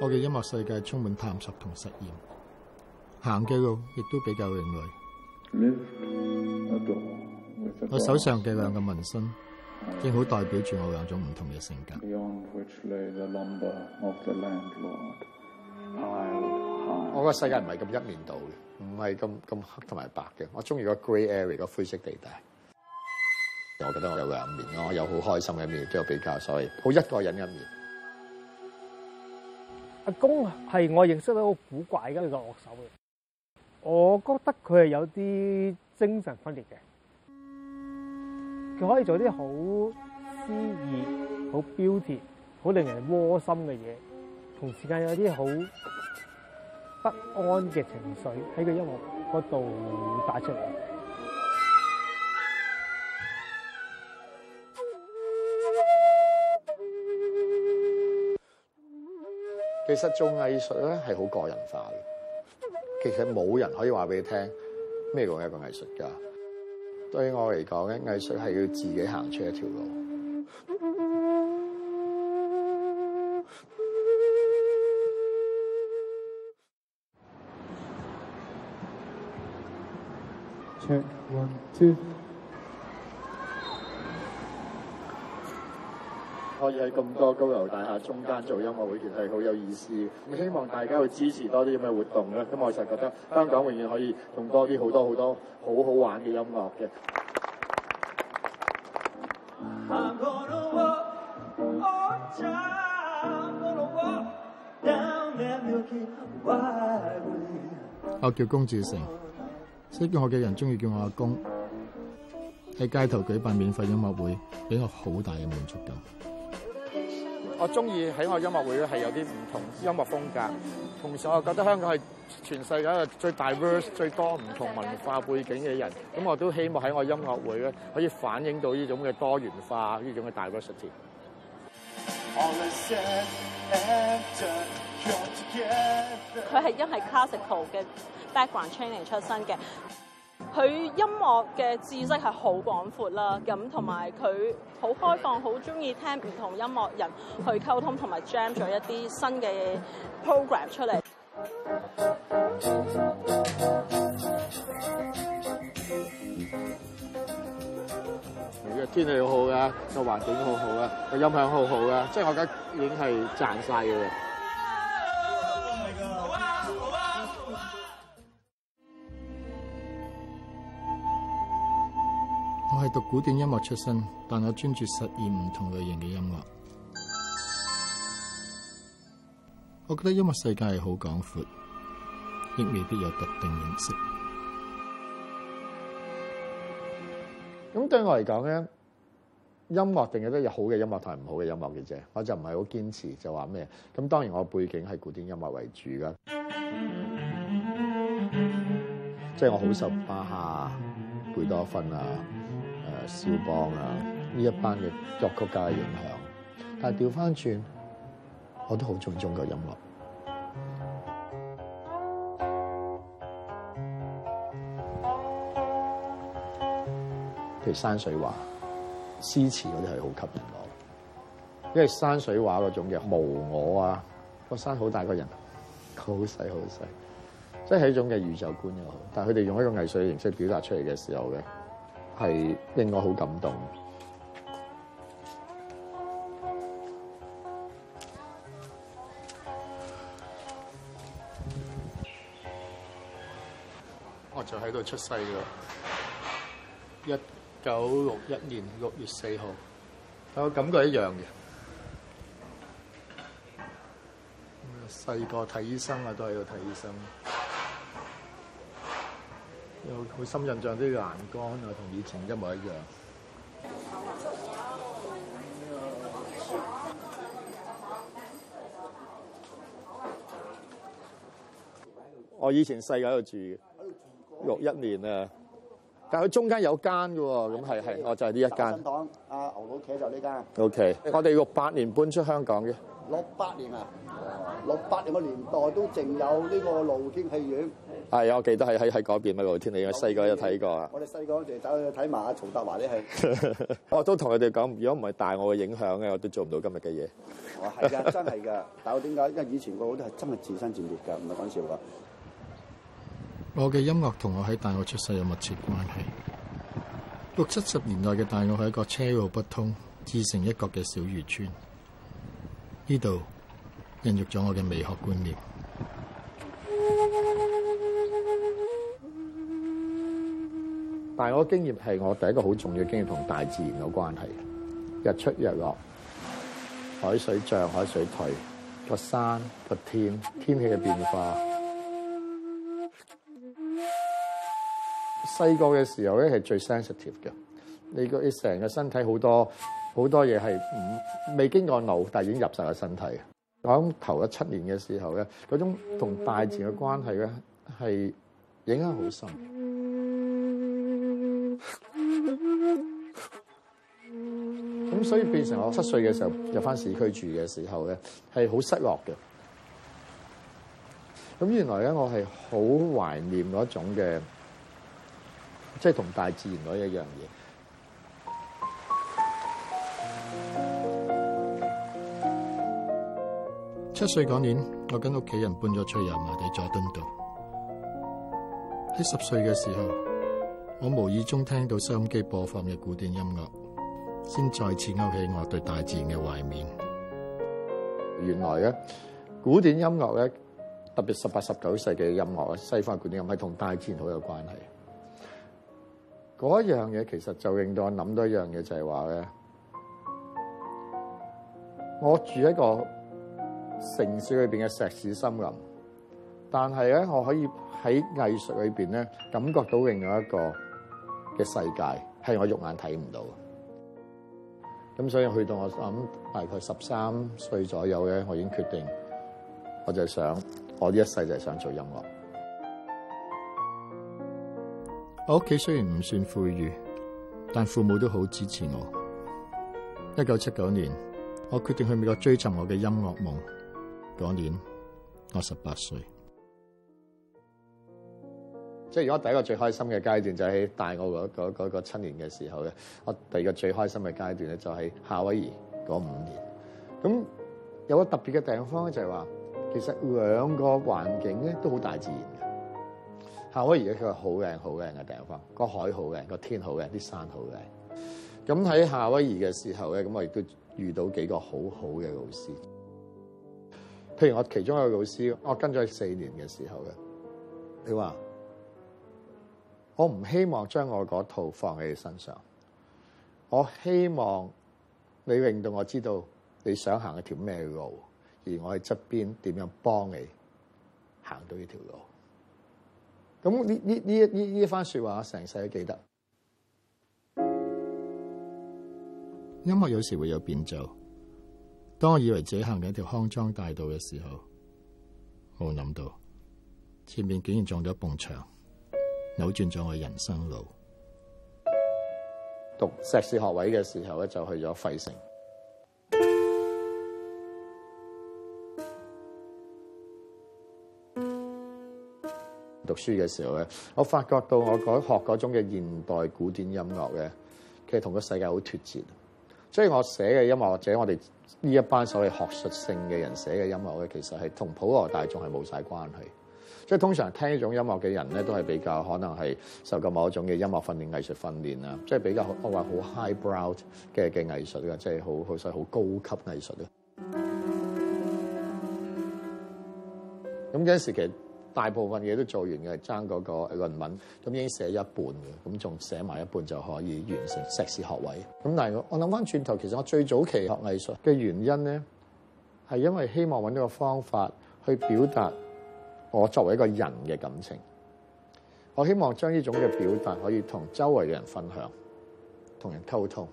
我嘅音樂世界充滿探索同實驗，行嘅路亦都比較另類。我手上嘅兩個紋身，正好代表住我兩種唔同嘅性格。我個世界唔係咁一面倒嘅，唔係咁咁黑同埋白嘅。我中意個 grey area，個灰色地帶。我覺得我有兩面咯，我有好開心嘅一面，都有比較，所以好一個人一面。阿公係我認識到好古怪嘅呢個樂手嘅，我覺得佢係有啲精神分裂嘅。佢可以做啲好詩意、好 beauty、好令人窩心嘅嘢，同時間有啲好不安嘅情緒喺佢音樂嗰度帶出嚟。其實做藝術咧係好個人化嘅，其實冇人可以話俾你聽咩叫一個藝術家。對我嚟講咧，藝術係要自己行出一條路。Check one two。喺咁多高樓大廈中間做音樂會，其實係好有意思。咁希望大家去支持多啲咁嘅活動咧。咁我成日覺得香港永遠可以同多啲好多好多好好玩嘅音樂嘅。Walk，我叫龔志成，識我嘅人中意叫我阿公。喺街頭舉辦免費音樂會，俾我好大嘅滿足感。我中意喺我的音樂會咧係有啲唔同音樂風格，同時我覺得香港係全世界最 diverse、最多唔同文化背景嘅人，咁我都希望喺我的音樂會咧可以反映到呢種嘅多元化、呢種嘅 diversity。佢係因為 classical 嘅 background training 出身嘅。佢音樂嘅知識係好廣闊啦，咁同埋佢好開放，好中意聽唔同音樂人去溝通，同埋 jam 咗一啲新嘅 program 出嚟。而家天氣好好㗎，個環境好好㗎，個音響好好㗎，即係我而家已經係賺晒㗎啦。我係讀古典音樂出身，但我專注實驗唔同類型嘅音樂。我覺得音樂世界係好廣闊，亦未必有特定認識。咁對我嚟講咧，音樂定係都有好嘅音樂同埋唔好嘅音樂嘅啫。我就唔係好堅持就話咩。咁當然我背景係古典音樂為主噶，即係 我好受巴哈，貝多芬啊。啊、肖邦啊，呢一班嘅作曲家嘅影響，但係掉返轉，我都好鍾意中國嘅音樂，譬如山水畫、詩詞嗰啲係好吸引我，因為山水畫嗰種嘅無我啊，個山好大個人，佢好細好細，即係、就是、一種嘅宇宙觀又好，但係佢哋用一個藝術形式表達出嚟嘅時候嘅。係令我好感動。我就喺度出世㗎，一九六一年六月四號。我感覺一樣嘅。細個睇醫生啊，都喺度睇醫生。有好深印象啲欄杆啊，同以前一模一樣。我以前細個喺度住，六一年啊，但係佢中間有間嘅喎，咁係，係，我就係、是、呢一間。我屋企就呢間。O K，我哋六八年搬出香港嘅。六八年啊，六八年個年代都淨有呢個露天戲院。係啊，我記得係喺喺嗰邊咪露天戲院，細個有睇過啊。我哋細個就走去睇埋阿曹達華啲戲。我都同佢哋講，如果唔係大澳嘅影響咧，我都做唔到今日嘅嘢。哦，係㗎，真係㗎。但我點解？因為以前個好都係真係自生自滅㗎，唔係講笑㗎。我嘅音樂同我喺大澳出世有密切關係。六七十年代嘅大澳係一個車路不通、自成一角嘅小漁村，呢度孕育咗我嘅美學觀念。大澳經驗係我第一個好重要嘅經驗，同大自然有關係。日出日落，海水漲海水退，個山個天，天氣嘅變化。細個嘅時候咧，係最 sensitive 嘅。你個成個身體好多好多嘢係唔未經過腦，但已經入晒個身體。我諗頭一七年嘅時候咧，嗰種同大自然嘅關係咧，係影響好深。咁所以變成我七歲嘅時候入翻市區住嘅時候咧，係好失落嘅。咁原來咧，我係好懷念嗰種嘅。即係同大自然嗰一樣嘢。七歲嗰年，我跟屋企人搬咗出油麻地佐敦道。喺十歲嘅時候，我無意中聽到收音機播放嘅古典音樂，先再次勾起我對大自然嘅懷緬。原來咧，古典音樂咧，特別十八、十九世紀嘅音樂啊，西方古典音樂，係同大自然好有關係。嗰一樣嘢其實就令到我諗到一樣嘢，就係話咧，我住一個城市裏面嘅石屎森林，但係咧我可以喺藝術裏面咧感覺到另外一個嘅世界，係我肉眼睇唔到嘅。咁所以去到我諗大概十三歲左右咧，我已經決定，我就想，我呢一世就係想做音樂。我屋企雖然唔算富裕，但父母都好支持我。一九七九年，我決定去美國追尋我嘅音樂夢。嗰年我十八歲，即係如果第一個最開心嘅階段就喺大澳嗰嗰嗰個七年嘅時候咧。我第二個最開心嘅階段咧就係夏威夷嗰五年。咁有個特別嘅地方咧就係話，其實兩個環境咧都好大自然嘅。夏威夷是一個好靚好靚嘅地方，個海好靚，個天好靚，啲山好靚。咁喺夏威夷嘅時候咧，咁我亦都遇到幾個好好嘅老師，譬如我其中一個老師，我跟咗四年嘅時候咧，你話，我唔希望將我嗰套放喺你身上，我希望你令到我知道你想行一條咩路，而我喺側邊點樣幫你行到呢條路。咁呢呢呢呢呢番説話，我成世都記得。音樂有時會有變奏。當我以為自己行緊條康莊大道嘅時候，冇諗到前面竟然撞咗一埲牆，扭轉咗我人生路。讀碩士學位嘅時候咧，就去咗費城。讀書嘅時候咧，我發覺到我嗰學嗰種嘅現代古典音樂咧，其實同個世界好脫節。所以我寫嘅音樂，或者我哋呢一班所謂學術性嘅人寫嘅音樂咧，其實係同普羅大眾係冇晒關係。所以通常聽呢種音樂嘅人咧，都係比較可能係受過某一種嘅音樂訓練、藝術訓練啊，即係比較我話好 highbrow 嘅嘅藝術啊，即係好好曬好高級藝術啊。咁嗰陣時其實。大部分嘢都做完嘅，爭嗰個論文咁已經寫一半嘅，咁仲寫埋一半就可以完成碩士學位。咁但係我諗翻轉頭，其實我最早期學藝術嘅原因咧，係因為希望揾到個方法去表達我作為一個人嘅感情。我希望將呢種嘅表達可以同周圍嘅人分享，同人溝通。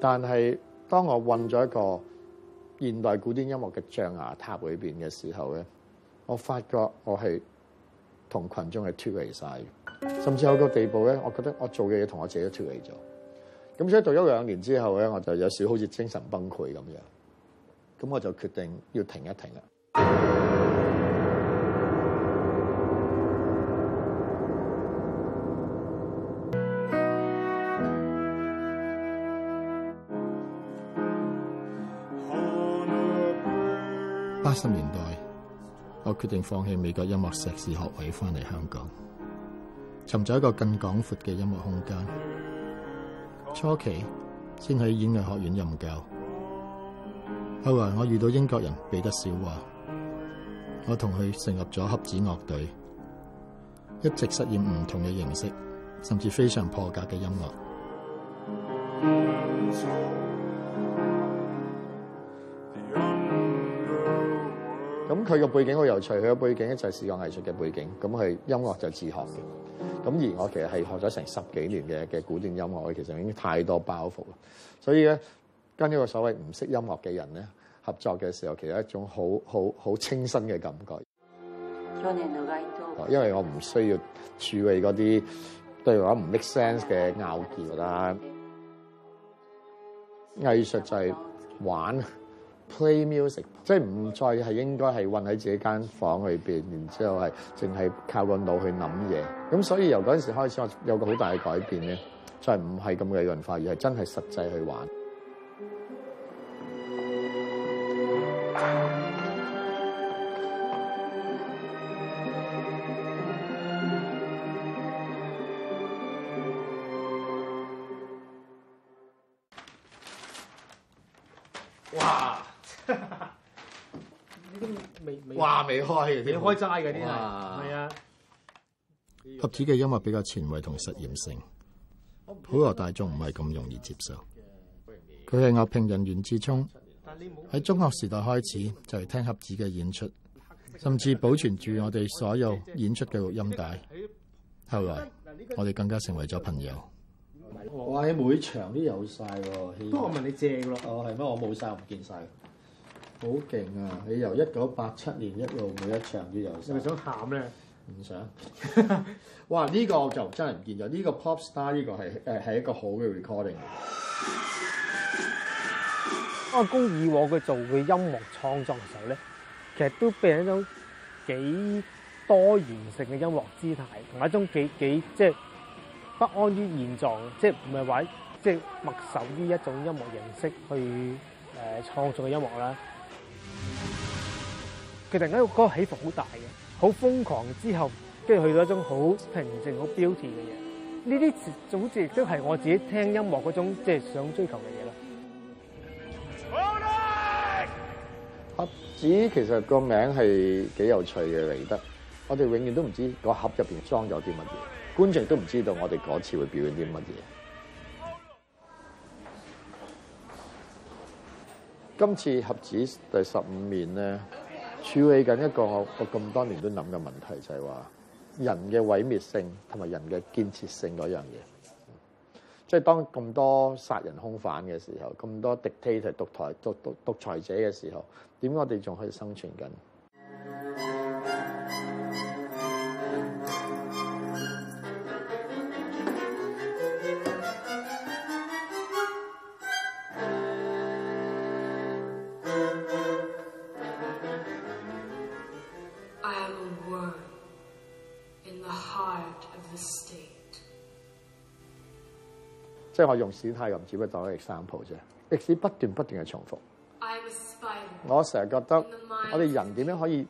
但係當我混咗一個現代古典音樂嘅象牙塔裏邊嘅時候咧。我發覺我係同群眾係脱離晒，甚至有個地步咧，我覺得我做嘅嘢同我自己都脱離咗。咁所以做咗兩年之後咧，我就有時好似精神崩潰咁樣。咁我就決定要停一停啦。八十年代。我決定放棄美國音樂碩士學位，翻嚟香港，尋找一個更廣闊嘅音樂空間。初期先喺演藝學院任教，後來我遇到英國人彼得小話，我同佢成立咗盒子樂隊，一直實驗唔同嘅形式，甚至非常破格嘅音樂。佢個背景好有趣，佢個背景一就係視覺藝術嘅背景，咁佢音樂就自學嘅。咁而我其實係學咗成十幾年嘅嘅古典音樂，其實已經太多包袱啦。所以咧，跟呢個所謂唔識音樂嘅人咧合作嘅時候，其實一種好好好清新嘅感覺。嗯、因為我唔需要處理嗰啲對我唔 make sense 嘅拗撬啦。藝術就係玩。Play music，即係唔再係應該係韞喺自己間房裏邊，然之後係淨係靠個腦去諗嘢。咁所以由陣時開始，我有個好大嘅改變咧，就係唔係咁嘅理論化，而係真係實際去玩。未開，你開齋嘅啲係，係啊。盒子嘅音樂比較前衞同實驗性，普羅大眾唔係咁容易接受。佢係樂評人袁志聰，喺中學時代開始就係聽盒子嘅演出，甚至保存住我哋所有演出嘅錄音帶。後來我哋更加成為咗朋友。我話你每場都有曬，不過我問你借㗎咯。哦，係咩？我冇晒，我唔見晒。好勁啊！你由一九八七年一路每一場都有，生，你係想喊咩？唔想。 哇！呢、呢個我就真係唔見咗。呢、呢個 pop star 呢個係誒係一個好嘅 recording。阿龔以往佢做嘅音樂創作嘅時候咧，其實都俾人一種幾多元性嘅音樂姿態，同一種幾幾即係、就是、不安於現狀即係唔係話即係墨守於一種音樂形式去誒、呃、創作嘅音樂啦。佢突然間個起伏好大嘅，好瘋狂之後，跟住去到一種好平靜、好 beautiful 嘅嘢。呢啲總之亦都係我自己聽音樂嗰種即係、就是、想追求嘅嘢咯。盒子其實個名係幾有趣嘅嚟得，我哋永遠都唔知個盒入邊裝咗啲乜嘢，觀眾都唔知道我哋嗰次會表演啲乜嘢。今次盒子第十五面咧。處理緊一個我我咁多年都諗嘅問題，就係話人嘅毀滅性同埋人嘅建設性嗰樣嘢。即係當咁多殺人兇犯嘅時候，咁多 dictator 獨裁獨獨獨獨裁者嘅時候，點我哋仲可以生存緊？即係我用史泰龍，只不過當一 example 啫。歷史不斷不斷嘅重複。我成日覺得，我哋人點樣可以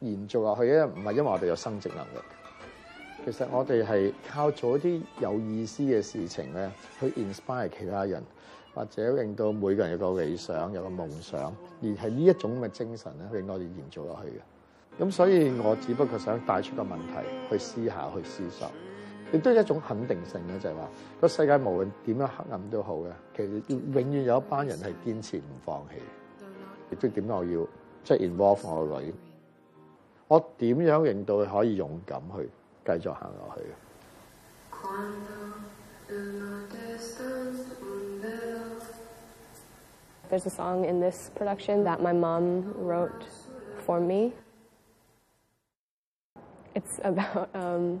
延續落去咧？唔係因為我哋有生殖能力。其實我哋係靠做一啲有意思嘅事情咧，去 inspire 其他人，或者令到每個人有個理想、有個夢想，而係呢一種咁嘅精神咧，令我哋延續落去嘅。咁所以，我只不過想帶出個問題去思考、去思索。亦都係一種肯定性嘅，就係話個世界無論點樣黑暗都好嘅，其實要永遠有一班人係堅持唔放棄。亦都點解我要即係、就是、involve 我嘅女？我點樣認到佢可以勇敢去繼續行落去？There's a song in this production that my mom wrote for me. It's about,um, .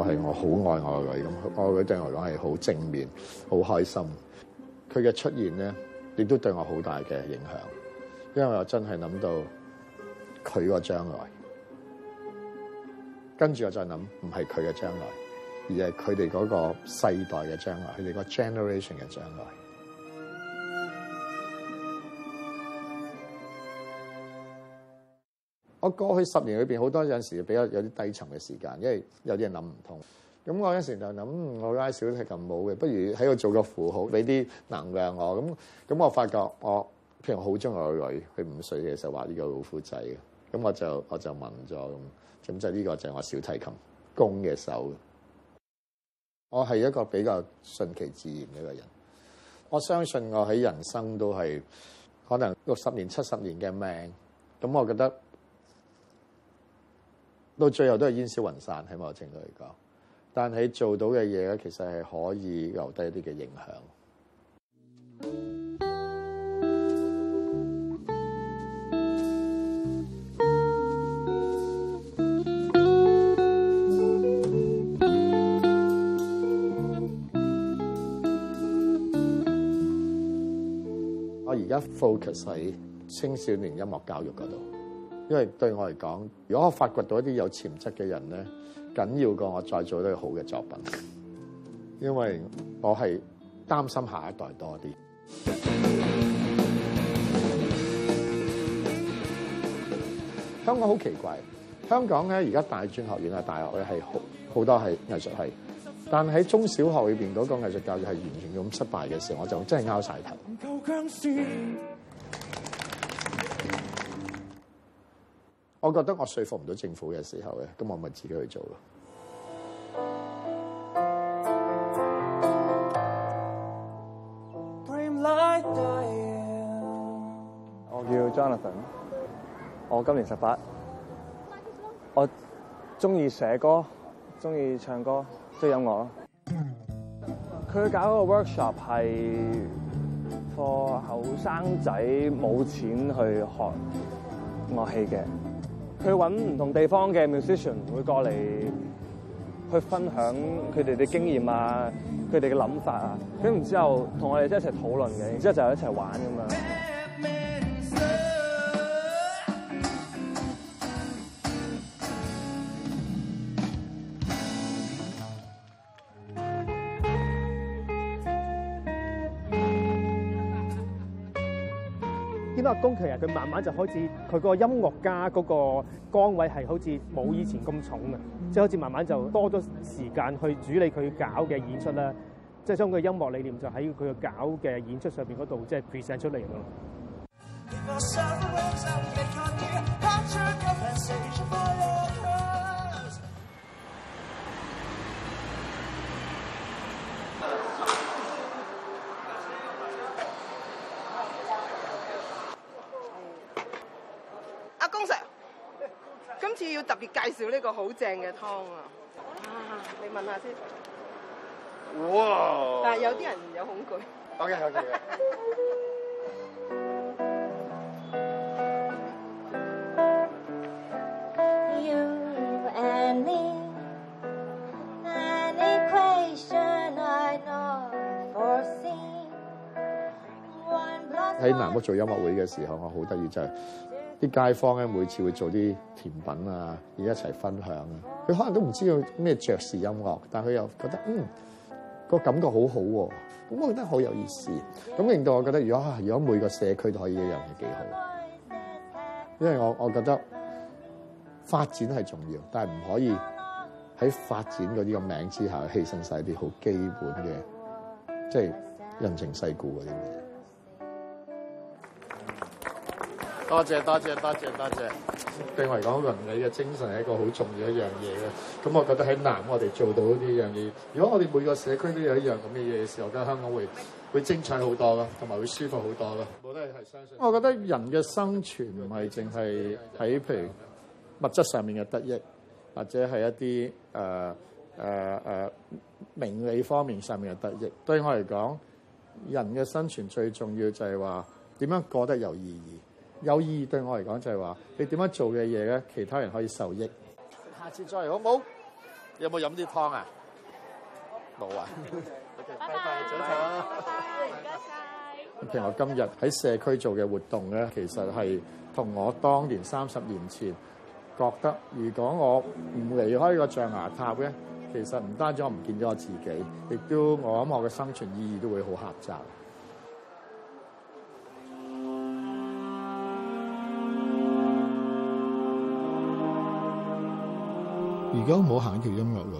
我係我好愛我女咁，我女對我嚟講係好正面、好開心。佢嘅出現咧，亦都對我好大嘅影響。因為我真係諗到佢個將來，跟住我就諗唔係佢嘅將來，而係佢哋個世代嘅將來，佢哋個 generation 嘅將來。我過去十年裏邊好多有陣時比較有啲低沉嘅時間，因為有啲人諗唔通。咁我有陣時就諗，我拉小提琴冇嘅，不如喺度做個符號俾啲能量我。咁咁我發覺我譬如好中意我個女，佢五歲嘅時候畫呢個老虎仔嘅。咁我就我就問咗咁，咁就呢個就係我小提琴弓嘅手。我係一個比較順其自然嘅一個人。我相信我喺人生都係可能六十年、七十年嘅命。咁我覺得。到最後都係煙消雲散，喺某程度嚟講。但係做到嘅嘢咧，其實係可以留低一啲嘅影響。我而家 focus 喺青少年音樂教育嗰度。因為對我嚟講，如果我發掘到一啲有潛質嘅人咧，緊要過我再做一啲好嘅作品。因為我係擔心下一代多啲。 香港好奇怪，香港咧而家大專學院啊、大學咧係好多係藝術系，但喺中小學裏面嗰個藝術教育係完全咁失敗嘅時候，我就真係拗晒頭。 我覺得，我說服唔到政府嘅時候咧，咁我咪自己去做咯。我叫 Jonathan，我今年十八，我中意寫歌，中意唱歌，中意音樂。佢搞個 workshop 係 for 後生仔冇錢去學樂器嘅。佢揾唔同地方嘅 musician 會過嚟，去分享佢哋嘅經驗啊，佢哋嘅諗法啊，咁然之後同我哋即一齊討論嘅，然之後就一齊玩咁樣。工其實佢慢慢就開始，佢個音樂家嗰個崗位係好似冇以前咁重嘅，即、就、係、是、好似慢慢就多咗時間去處理佢搞嘅演出啦。即係將佢音樂理念就喺佢嘅搞嘅演出上邊嗰度即係、就是、present 出嚟咯。 要特別介紹呢個好正嘅湯啊！啊，你問下先。哇！但係有啲人有恐懼。OK，OK，OK。喺南屋做音樂會嘅時候，我好得意就係。啲街坊咧，每次會做啲甜品啊，而一齊分享啊。佢可能都唔知道咩爵士音樂，但佢又覺得嗯、嗰個感覺好好、啊、喎，咁我覺得好有意思。咁令到我覺得，如果如果每個社區都可以一樣係幾好，因為我我覺得發展係重要，但係唔可以喺發展嗰啲個名之下犧牲晒啲好基本嘅，即係人情世故嗰啲。多謝多謝多謝多謝。多謝多謝多謝。對我嚟講，倫理嘅精神係一個好重要的一樣嘢嘅。咁我覺得喺南，我哋做到呢樣嘢。如果我哋每個社區都有一樣咁嘅嘢嘅時候，咁香港會會精彩好多咯，同埋會舒服好多咯。我都係相信。我覺得，我覺得人嘅生存唔係淨係喺譬如物質上面嘅得益，或者係一啲誒誒誒名利方面上面嘅得益。對我嚟講，人嘅生存最重要就係話點樣過得有意義。有意義對我嚟講就係話，你點樣做嘅嘢咧，其他人可以受益。下次再嚟好唔好？有冇飲啲湯啊？冇啊。拜拜， 早晨。拜拜，唔該晒！其實我今日喺社區做嘅活動咧，其實係同我當年三十年前覺得，如果我唔離開個象牙塔嘅，其實唔單止我唔見咗我自己，亦都我諗我嘅生存意義都會好狹窄。如果冇行條音樂路，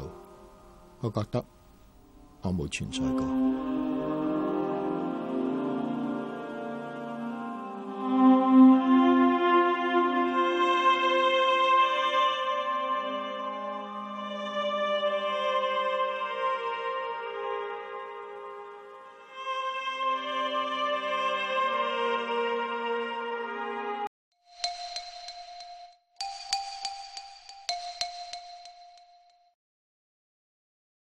我覺得我冇存在過。